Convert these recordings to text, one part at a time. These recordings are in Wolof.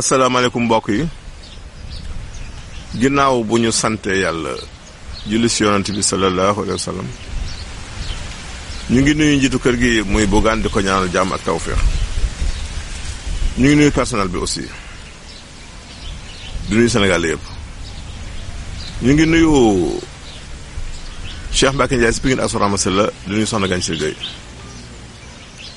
asalaamaaleykum mbokk yi ginnaaw bu ñu santee yàlla julli si yonent bi sallallahu alayhi wa ñu ngi nuyu njiitu kër gi muy Bougane di ko ñaanal jàmm ak tawféex ñu ngi nuyu personel bi aussi du nuyu Sénégal yëpp ñu ngi nuyu Cheikh Mbacke Ndiaye si Pikine ak Soxna Massila la du nuyu Soxna Gagne Gueye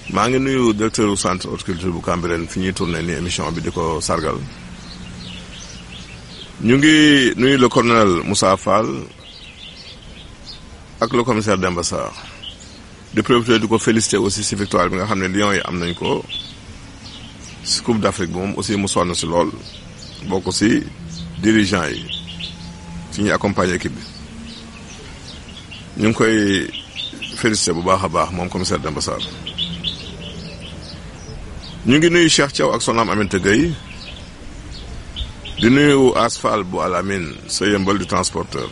maa ngi nuyu directeur u centre horticulture bu Cambérène fi ñuy tourné ni émission bi di ko sargal ñu ngi nuyu le colonel Moussa Fall ak le commissaire Demba Sarr di profité di ko félicité aussi si victoire bi nga xam ne Lions yi am nañ ko si Coupe d'Afrique bi moom aussi mu sonn si lool bokk si dirigeant yi si ñuy accompagner équipe bi ñu ngi koy félicité bu baax a baax moom commissaire Demba ñu ngi nuyu Cheikh Thiaw ak soxnaam Aminata Gueye di nuyu Asfal bu Alamine sa yëmbal di transporteur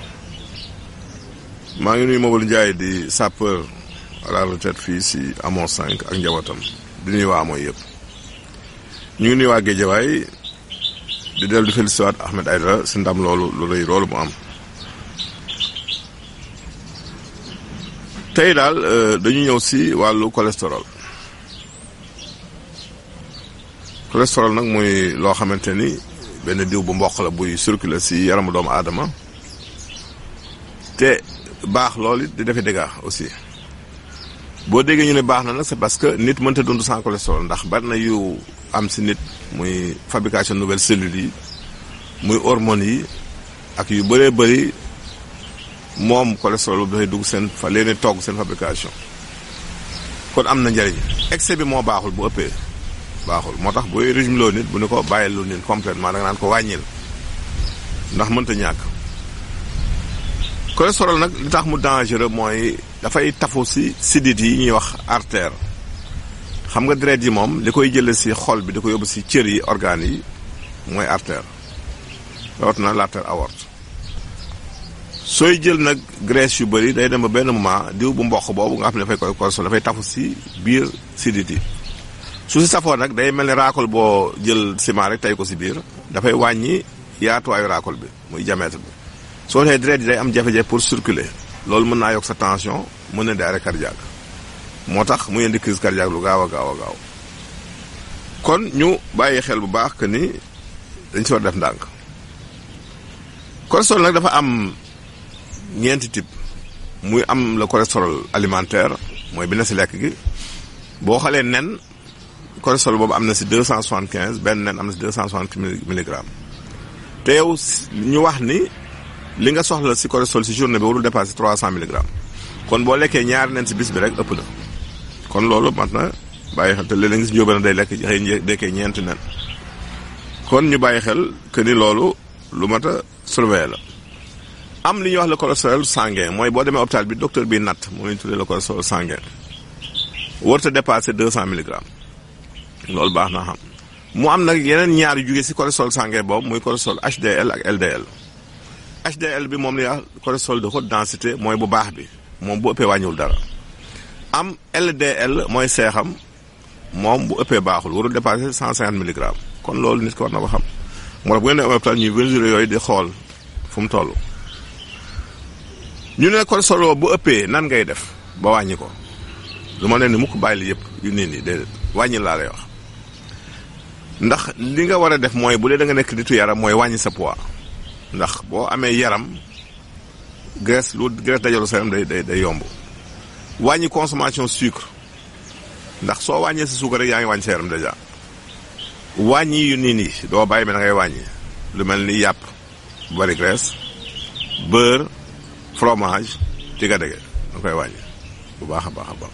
maa ngi nuyu Mobal Ndiaye di sapeur à fii si Amon 5 ak njabootam di nuyu waa mooy yëpp ñu ngi nuy waa Guédiawaye di dellu di félicité waat Ahmed Aïdara si ndam loolu lu rëy loolu mu am tey daal euh, dañu ñëw si wàllu cholestérol cholestérol nag muy loo xamante ni benn diw bu mboq la buy circuler si yaramu doomu aadama te baax loolu di defe dégâts aussi boo déggee ñu ne baax na nag c'est parce que nit mënta dund sans cholestérol ndax bari na yu am si nit muy fabrication nouvelle cellules yi muy hormones yi ak yu bëree bari moom cholestérol bi dafay dugg seen fa leen togg seen fabrication kon am na njariñ excès bi moo baaxul bu ëppee baxul motax boy régime lo nit bu ne ko bayel lu nit complètement da nga naan ko wañil ndax ta ñak cholestérol nak li tax mu dangereux da dafay tafo si sidit yi ñi wax artère xam nga dret yi moom li koy jële si xol bi diko yob ci si cër yi organe yi moy artère rawat na l'artère aorte soy jël nak graisse yu bari day dem ba benn moment diw bu mbokk bobu nga xam ne fay koy cholestérol fay tafo si biir sidit yi su si safoon nag day mel ni raakol boo jël ciment rek tey ko si biir dafay wàññi yaatuwaayu raakol bi muy diamètre bi soo nee deret yi day am jafe-jafe pour circuler loolu mën naa yokk sa tension mën na di arrêt cardiaque moo tax mu muy indi crise cardiaque lu gaaw a gaaw a gaaw kon ñu bàyyi xel bu baax que ni dañ si war def ndànk cholestérol nag dafa am ñeenti type muy am la cholestérol alimentaire mooy bi na si lekk gi boo xalee nen cholestérol boobu am na si deux cent soixante quinze benn nen am na si deux cent soixante milligrammes te yow ñu wax ni li nga soxla si cholestérol si journée bi warul dépasser trois cent milligrammes kon boo lekkee ñaari nen si bis bi rek ëpp na kon loolu mat na bàyyi xel te léeg-léeg nga gis njóoba day lekk xëy dekkee ñeenti nen kon ñu bàyyi xel que ni loolu lu mat a surveiller la. am li ñuy wax le cholestérol sanguin mooy boo demee hôpital bi docteur bi natt moo ñu tuddee le cholestérol sanguin warut a dépasser deux cent milligrammes. loolu baax na xam mu am nag yeneen ñaar yu jugee si cholestérol sanguin boobu muy cholestérol HDL ak LDL. HDL bi moom la cholestérol de haute densité mooy bu baax bi moom bu ëppee wàññiwul dara am LDL mooy seexam moom bu ëppee baaxul warul dépasser cent cinquante milligrammes kon loolu nit ko war na ko xam moo tax bu ngeen di yooyu di xool fu mu toll. ñu ne cholestérol bu ëppee nan ngay def ba wàññi ko lu ma leen ni mukk bàyyi la yëpp yu nit lay ndax li nga war a def mooy bu dee da nga nekk nitu yaram mooy wàññi sa poids ndax boo amee yaram graisse lu graisse dajalu sa yaram day day day yomb wàññi consommation sucre ndax soo wàññee sa sucre rek yaa ngi wàññi sa yaram dèjà wàññi yu nii nii doo bàyyi ba da ngay wàññi lu mel ni yàpp bari graisse beurre fromage ci ga dege da koy wàññi bu baax a baax a baax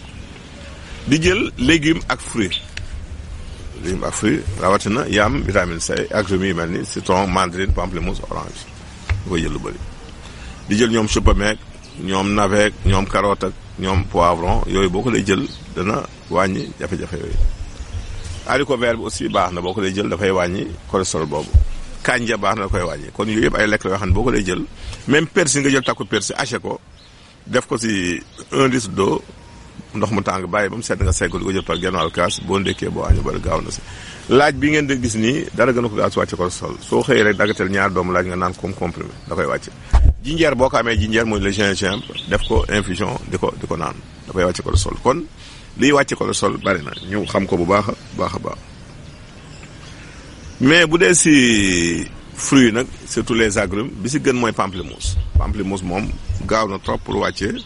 di jël légume ak fruit lim ak C ak citron mandarine pamplemousse orange Voyez jël lu di jël ñoom navet carotte ak poivron yooyu boo ko lay jël dana wàññi jafe-jafe yooyu. aussi baax na boo lay jël dafay wàññi boobu. kanja baax na koy wàññi kon yooyu ay lay jël même persi nga jël takku ko def ko un litre d'eau ndox mu tàng bàyyi ba mu sedd nga segg di ko jël par genn wàll kaas boo ndékkee boo año bari gaaw na si laaj bi ngeen di gis nii dara gën a ko gaaw si wàcce ko sol soo xëyee rek dagatel ñaar doomu laaj nga naan comme comprimé da koy wàcce jinjeer boo ko amee jinjeer muy le gingembre def ko infusion di ko di ko naan da wàcce ko sol kon liy wàcce ko sol bari na ñu xam ko bu baax a baax a baax mais bu dee si fruits yi nag surtout les agrumes bi si gën mooy pamplemousse pamplemousse moom gaaw na trop pour wàccee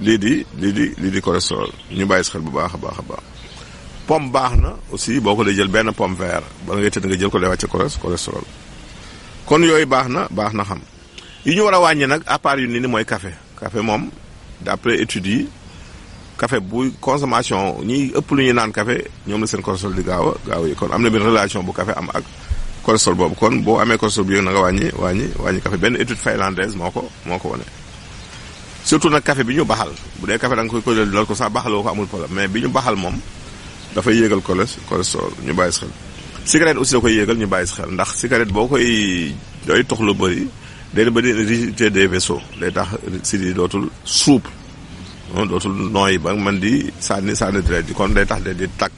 Lidi, Lidi, Lidi di lii di cholestérol ñu bàyyi xel bu Pommes a baax a pomme aussi boo ko jël benn pomme vert bala ngay tëdd nga jël ko dee wàcce cholestérol kon na xam yi ñu a part yu ni café café d'après études yi café bu consommation ñi ëpp lu ñuy café ñoom la seen cholestérol di gaaw a yi kon am na relation bu café am ak cholestérol boobu kon cholestérol na nga wàññi wàññi wàññi café étude finlandaise ko moo surtout nag kafe bi ñu baxal bu dee kafe da nga koy koy lool ko sax baxaloo ko amul problème mais bi ñu baxal moom dafay yéegal cholestérol ñu bàyyi si xel cigarette aussi da ko yéegal ñu bàyyi si xel ndax cigarette boo koy doy tox lu bëri day ba di rigidité des vaisseaux day tax si di dootul souple dootul nooyi ba man di sànni sànni dret ji kon day tax de di tàkk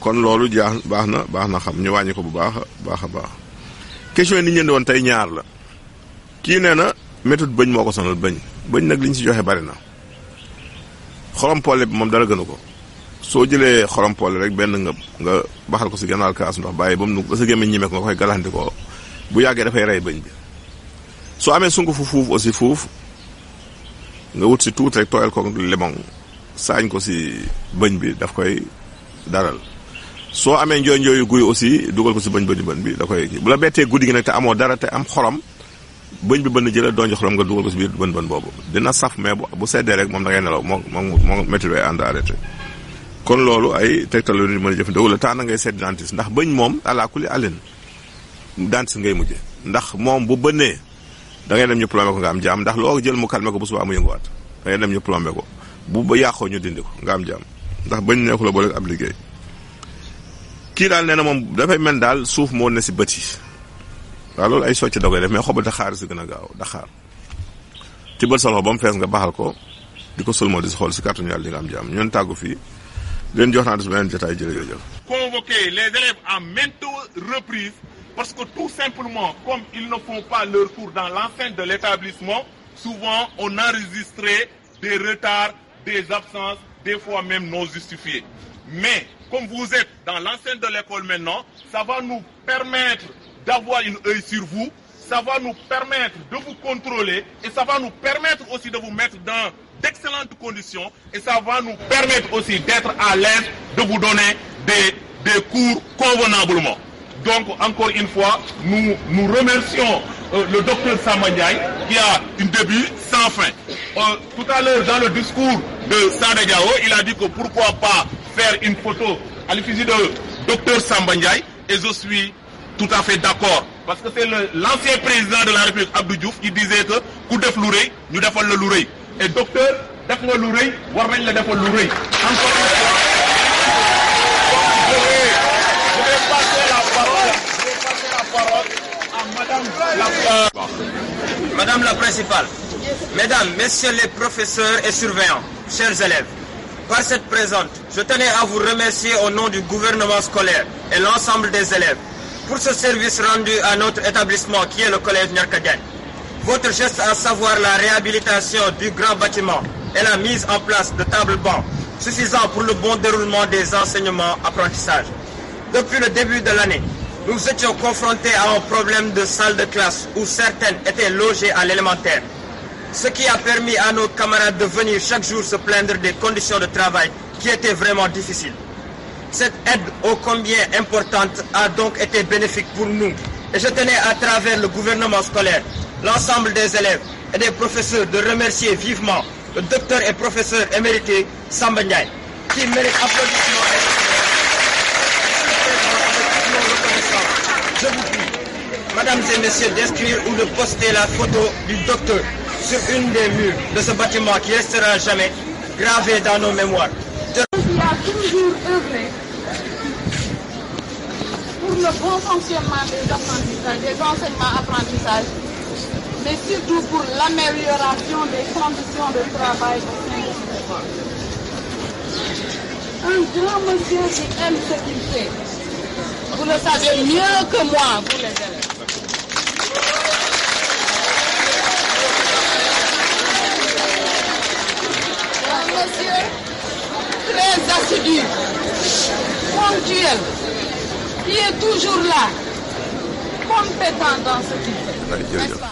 kon loolu jaax baax na baax na xam ñu wàññi ko bu baax baax a baax question ni ñu tey ñaar la kii nee na méthode bëñ moo ko sonal bëñ bañ nag li ñu si joxe bari na xorom poole bi moom dara gënu ko soo jëlee xorom poole rek benn nga nga baxal ko si gannaaw kaas ndox bàyyi ba mu ba sa gémmiñ ñime ko nga koy galaxante bu yàggee dafay rey bëñ bi soo amee sungufu fuuf aussi fuuf nga wut si tuut rek tooyal ko limon saañ ko si bëñ bi daf koy daral soo amee njooy njooyu guy aussi dugal ko si bëñ bëñ bëñ bi da koy bu la bettee guddi gi nag te amoo dara te am xorom bëñ bi bënn jëlee doon joxorom nga dugal ko si biir bën bën boobu dina saf mais bu seddee rek moom da ngay nelaw moo moom moo métti bay ànd arrêté kon loolu ay tegtal yu mën a jëfandikoo wala temps na ngay seet dentiste ndax bëñ moom alaakul kuli àllin dentiste ngay mujje ndax moom bu bënnee da ngay dem ñu plombé ko nga am jaam ndax loo jël mu calmé ko bu subaa mu yënguwaat da ngay dem ñu plombé ko bu ba yàqoo ñu dindi ko nga am jaam ndax bëñ neexu la ab liggéey daal nee na moom dafay mel daal suuf moo ne si bët yi waaw loolu ay socc da koy def mais xobu daxaar si gën a gaaw daxaar tibbal sa loxo ba mu fees nga baxal ko di ko sëlmoo di si xool si kàttanu yàlla di nga am jàmm ñun tàggu fii leen jox naa des beneen jotaay jërëjëf. convoquer les élèves en maintes reprises parce que tout simplement comme ils ne font pas leur cours dans l'enceinte de l'établissement souvent on enregistré des retards des absences des fois même non justifiées mais comme vous êtes dans l'enceinte de l'école maintenant ça va nous permettre d'avoir une œil sur vous. Ça va nous permettre de vous contrôler et ça va nous permettre aussi de vous mettre dans d'excellentes conditions et ça va nous permettre aussi d'être à l'aise, de vous donner des, des cours convenablement. Donc, encore une fois, nous, nous remercions euh, le docteur Samandiaï qui a un début sans fin. Euh, tout à l'heure, dans le discours de Sadegao, il a dit que pourquoi pas faire une photo à l'effigie de docteur Samandiaï et je suis tout à fait d'accord parce que c'est l'ancien président de la République Abdou Diouf qui disait que coup de lu Nous devons le la et docteur nous le le Voire war le la defal encore une fois je vais passer la parole la à madame la madame la principale mesdames messieurs les professeurs et surveillants chers élèves par cette présente je tenais à vous remercier au nom du gouvernement scolaire et l'ensemble des élèves pour ce service rendu à notre établissement qui est le Collège Nyarkaden. Votre geste à savoir la réhabilitation du grand bâtiment et la mise en place de tables bancs suffisant pour le bon déroulement des enseignements apprentissages. Depuis le début de l'année, nous étions confrontés à un problème de salle de classe où certaines étaient logées à l'élémentaire, ce qui a permis à nos camarades de venir chaque jour se plaindre des conditions de travail qui étaient vraiment difficiles. Cette aide ô combien importante a donc été bénéfique pour nous. Et je tenais à travers le gouvernement scolaire, l'ensemble des élèves et des professeurs de remercier vivement le docteur et professeur émérité Samba Ndiaye, qui mérite applaudissements. Et... Je vous prie, mesdames et messieurs, d'inscrire ou de poster la photo du docteur sur une des murs de ce bâtiment qui restera jamais gravée dans nos mémoires. bon fonctionnement des apprentissages, des enseignements apprentissages, mais surtout pour l'amélioration des conditions de travail Un grand monsieur qui aime ce qu'il fait, vous le savez mieux que moi, vous les élèves. Un monsieur très assidu, ponctuel, il est toujours là, compétent dans ce qu'il fait.